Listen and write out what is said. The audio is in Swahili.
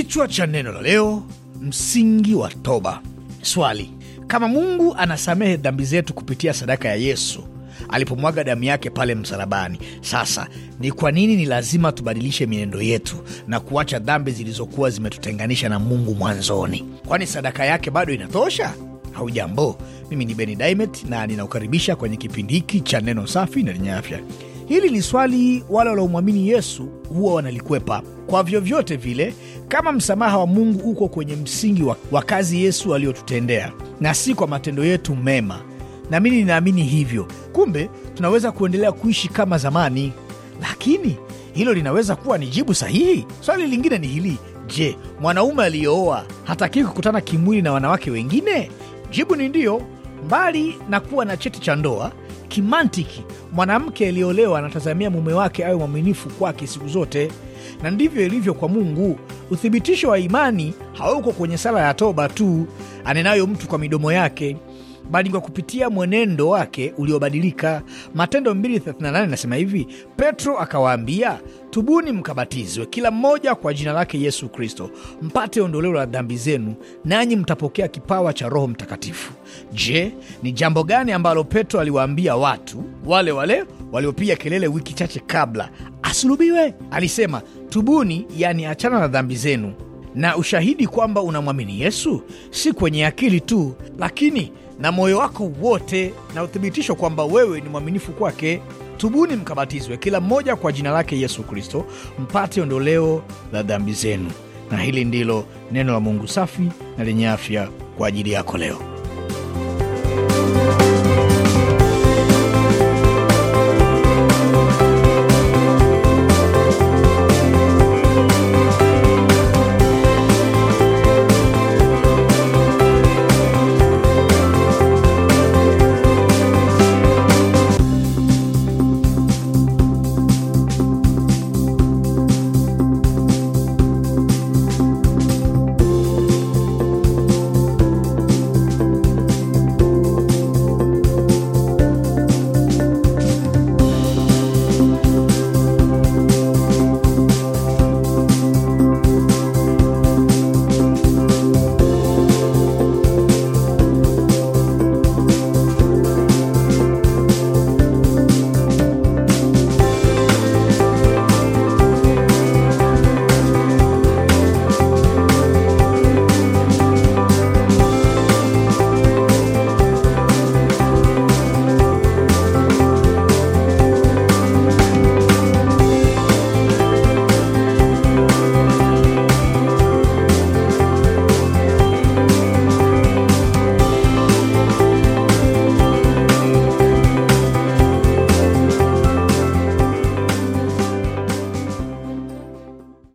Kichwa cha neno la leo: msingi wa toba. Swali: kama Mungu anasamehe dhambi zetu kupitia sadaka ya Yesu alipomwaga damu yake pale msalabani, sasa ni kwa nini ni lazima tubadilishe mienendo yetu na kuacha dhambi zilizokuwa zimetutenganisha na Mungu mwanzoni? Kwani sadaka yake bado inatosha? Haujambo, mimi ni Beni Daimet na ninakukaribisha kwenye kipindi hiki cha neno safi na lenye afya. Hili ni swali wale wanaomwamini Yesu huwa wanalikwepa kwa vyovyote vile, kama msamaha wa Mungu uko kwenye msingi wa, wa kazi Yesu aliyotutendea na si kwa matendo yetu mema, na mimi ninaamini hivyo. Kumbe tunaweza kuendelea kuishi kama zamani, lakini hilo linaweza kuwa ni jibu sahihi. Swali lingine ni hili: je, mwanaume aliyeoa hatakiwi kukutana kimwili na wanawake wengine? Jibu ni ndiyo. Mbali na kuwa na cheti cha ndoa, kimantiki mwanamke aliyeolewa anatazamia mume wake awe mwaminifu kwake siku zote na ndivyo ilivyo kwa Mungu. Uthibitisho wa imani hauko kwenye sala ya toba tu anenayo mtu kwa midomo yake, bali kwa kupitia mwenendo wake uliobadilika. Matendo 2:38 nasema hivi, Petro akawaambia, tubuni mkabatizwe kila mmoja kwa jina lake Yesu Kristo mpate ondoleo la dhambi zenu, nanyi mtapokea kipawa cha Roho Mtakatifu. Je, ni jambo gani ambalo Petro aliwaambia watu wale wale waliopiga kelele wiki chache kabla asulubiwe. Alisema, tubuni, yani achana na dhambi zenu. Na ushahidi kwamba unamwamini Yesu si kwenye akili tu, lakini na moyo wako wote, na uthibitisho kwamba wewe ni mwaminifu kwake. Tubuni mkabatizwe kila mmoja kwa jina lake Yesu Kristo, mpate ondoleo la dhambi zenu. Na hili ndilo neno la Mungu safi na lenye afya kwa ajili yako leo.